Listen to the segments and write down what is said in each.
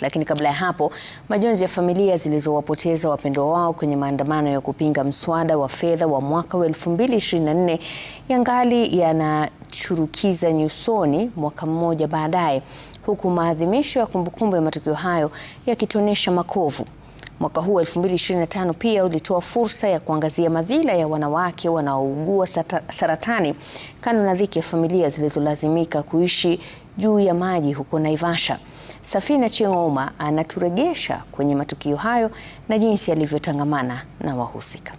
Lakini kabla ya hapo, majonzi ya familia zilizowapoteza wapendwa wao kwenye maandamano ya kupinga mswada wa fedha wa mwaka wa 2024 yangali yanachurukiza nyusoni mwaka mmoja baadaye, huku maadhimisho ya kumbukumbu ya matukio hayo yakitonesha makovu. Mwaka huu 2025 pia ulitoa fursa ya kuangazia madhila ya wanawake wanaougua saratani, kando na dhiki ya familia zilizolazimika kuishi juu ya maji huko Naivasha. Safina Chieng'ouma anaturegesha kwenye matukio hayo na jinsi alivyotangamana na wahusika.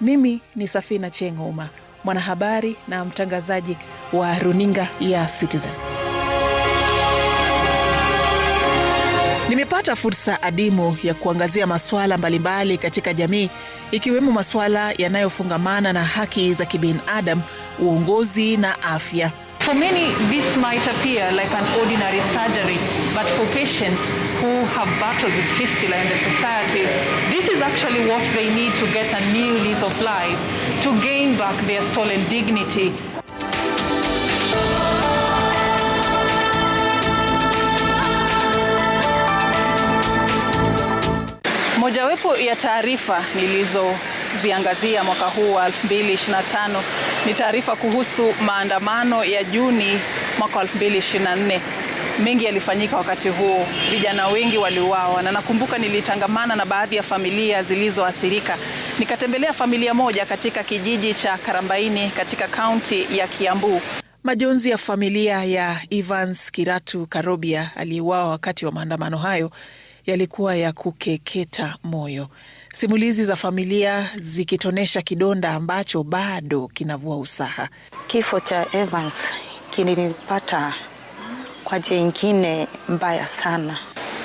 Mimi ni Safina Chieng'ouma, mwanahabari na mtangazaji wa runinga ya Citizen. tunapata fursa adimu ya kuangazia masuala mbalimbali katika jamii ikiwemo masuala yanayofungamana na haki za kibinadamu, uongozi na afya. For many, this might appear like an ordinary surgery, but for patients who have battled with fistula in the society, this is actually what they need to get a new lease of life, to gain back their stolen dignity. ya taarifa nilizoziangazia mwaka huu wa 2025 ni taarifa kuhusu maandamano ya Juni mwaka 2024. Mengi yalifanyika wakati huo, vijana wengi waliuawa, na nakumbuka nilitangamana na baadhi ya familia zilizoathirika. Nikatembelea familia moja katika kijiji cha Karambaini katika kaunti ya Kiambu. Majonzi ya familia ya Evans Kiratu Karobia aliyeuawa wakati wa maandamano hayo yalikuwa ya kukeketa moyo, simulizi za familia zikitonesha kidonda ambacho bado kinavua usaha. Kifo cha Evans kilinipata kwa ingine mbaya sana.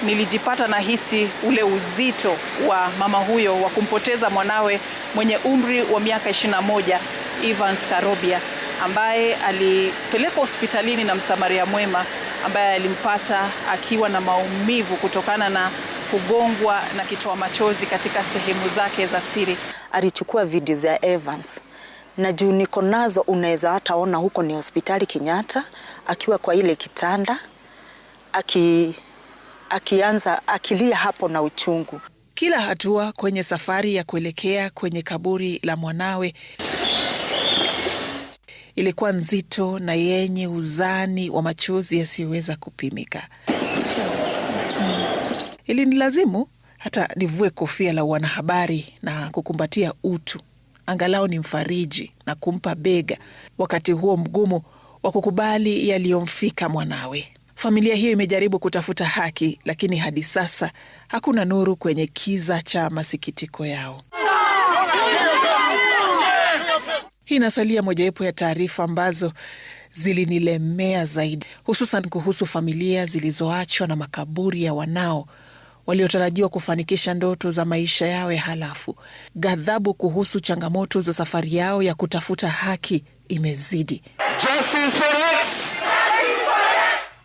Nilijipata na hisi ule uzito wa mama huyo wa kumpoteza mwanawe mwenye umri wa miaka 21 Evans Karobia ambaye alipelekwa hospitalini na msamaria mwema ambaye alimpata akiwa na maumivu kutokana na kugongwa na kitoa machozi katika sehemu zake za siri. Alichukua video za Evans na juu niko nazo, unaweza hata ona huko ni hospitali Kenyatta, akiwa kwa ile kitanda aki, akianza akilia hapo na uchungu kila hatua kwenye safari ya kuelekea kwenye kaburi la mwanawe ilikuwa nzito na yenye uzani wa machozi yasiyoweza kupimika. Ilinilazimu hata nivue kofia la wanahabari na kukumbatia utu, angalau ni mfariji na kumpa bega wakati huo mgumu wa kukubali yaliyomfika mwanawe. Familia hiyo imejaribu kutafuta haki, lakini hadi sasa hakuna nuru kwenye kiza cha masikitiko yao. Hii inasalia mojawapo ya taarifa ambazo zilinilemea zaidi, hususan kuhusu familia zilizoachwa na makaburi ya wanao waliotarajiwa kufanikisha ndoto za maisha yao ya halafu. Ghadhabu kuhusu changamoto za safari yao ya kutafuta haki imezidi.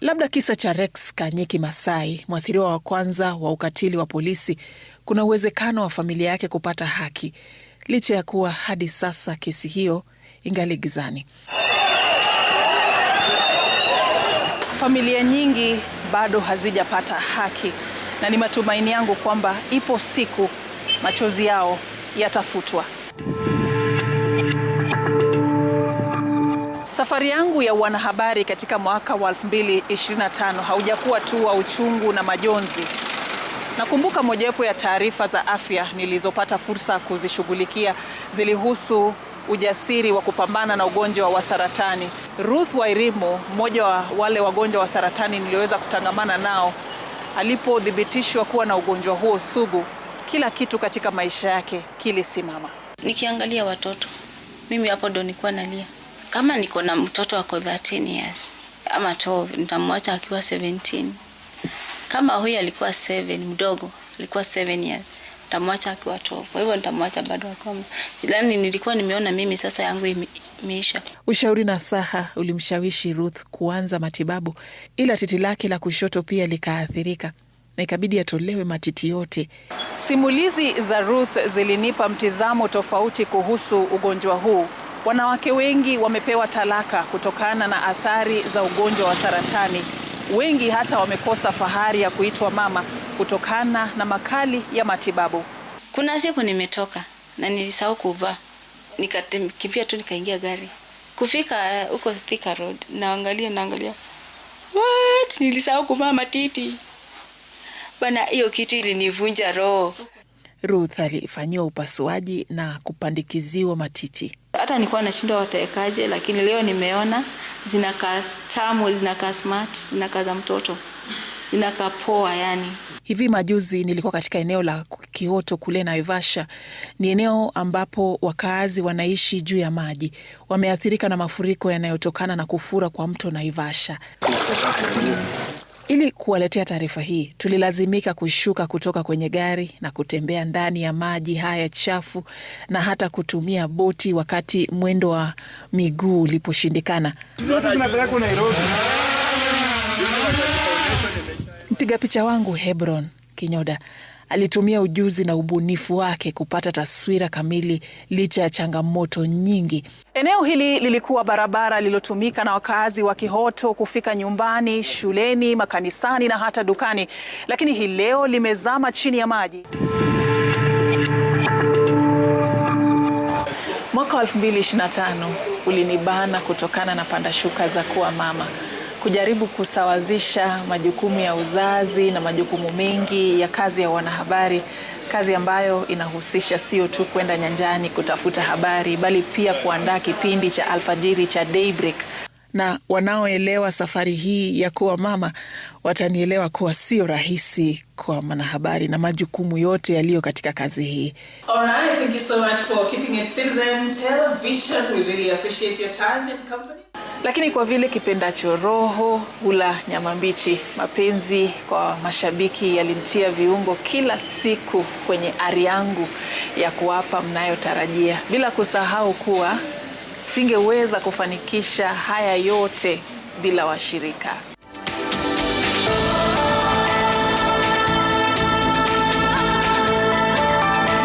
Labda kisa cha Rex kanyiki Masai, mwathiriwa wa kwanza wa ukatili wa polisi, kuna uwezekano wa familia yake kupata haki licha ya kuwa hadi sasa kesi hiyo ingali gizani. Familia nyingi bado hazijapata haki, na ni matumaini yangu kwamba ipo siku machozi yao yatafutwa. Safari yangu ya wanahabari katika mwaka wa 2025 haujakuwa tu wa uchungu na majonzi. Nakumbuka mojawapo ya taarifa za afya nilizopata fursa kuzishughulikia zilihusu ujasiri wa kupambana na ugonjwa wa saratani. Ruth Wairimu, mmoja wa wale wagonjwa wa saratani niliyoweza kutangamana nao, alipothibitishwa kuwa na ugonjwa huo sugu, kila kitu katika maisha yake kilisimama. Nikiangalia watoto mimi hapo ndo nilikuwa nalia. Kama niko na mtoto ako 13 years ama 12, nitamwacha akiwa 17. Kama huyu alikuwa seven, mdogo alikuwa seven years nitamwacha akiwa twelve. Kwa hivyo nitamwacha bado akoma yani, nilikuwa nimeona mimi sasa yangu imeisha. Ushauri na saha ulimshawishi Ruth kuanza matibabu, ila titi lake la kushoto pia likaathirika na ikabidi atolewe matiti yote. Simulizi za Ruth zilinipa mtizamo tofauti kuhusu ugonjwa huu. Wanawake wengi wamepewa talaka kutokana na athari za ugonjwa wa saratani wengi hata wamekosa fahari ya kuitwa mama kutokana na makali ya matibabu. Kuna siku nimetoka na nilisahau kuvaa, nikakimbia tu nikaingia gari. Kufika eh, huko uh, Thika Road naangalia naangalia, what, nilisahau kuvaa matiti bana. Hiyo kitu ilinivunja roho. Ruth alifanyiwa upasuaji na kupandikiziwa matiti hata nilikuwa nashindwa watawekaje, lakini leo nimeona zinakaa tamu, zinakaa smart, zinakaa za mtoto, zinakaa poa yani. Hivi majuzi nilikuwa katika eneo la Kioto kule Naivasha. Ni eneo ambapo wakaazi wanaishi juu ya maji, wameathirika na mafuriko yanayotokana na kufura kwa mto Naivasha. Ili kuwaletea taarifa hii tulilazimika kushuka kutoka kwenye gari na kutembea ndani ya maji haya chafu na hata kutumia boti wakati mwendo wa miguu uliposhindikana. Mpiga picha wangu Hebron Kinyoda Alitumia ujuzi na ubunifu wake kupata taswira kamili licha ya changamoto nyingi. Eneo hili lilikuwa barabara lililotumika na wakazi wa Kihoto kufika nyumbani, shuleni, makanisani na hata dukani, lakini hii leo limezama chini ya maji. Mwaka wa 2025 ulinibana kutokana na pandashuka za kuwa mama kujaribu kusawazisha majukumu ya uzazi na majukumu mengi ya kazi ya wanahabari, kazi ambayo inahusisha sio tu kwenda nyanjani kutafuta habari, bali pia kuandaa kipindi cha alfajiri cha Daybreak na wanaoelewa safari hii ya kuwa mama watanielewa kuwa sio rahisi kwa mwanahabari na majukumu yote yaliyo katika kazi hii. All right, lakini kwa vile kipendacho roho hula nyama mbichi, mapenzi kwa mashabiki yalimtia viungo kila siku kwenye ari yangu ya kuwapa mnayotarajia, bila kusahau kuwa singeweza kufanikisha haya yote bila washirika.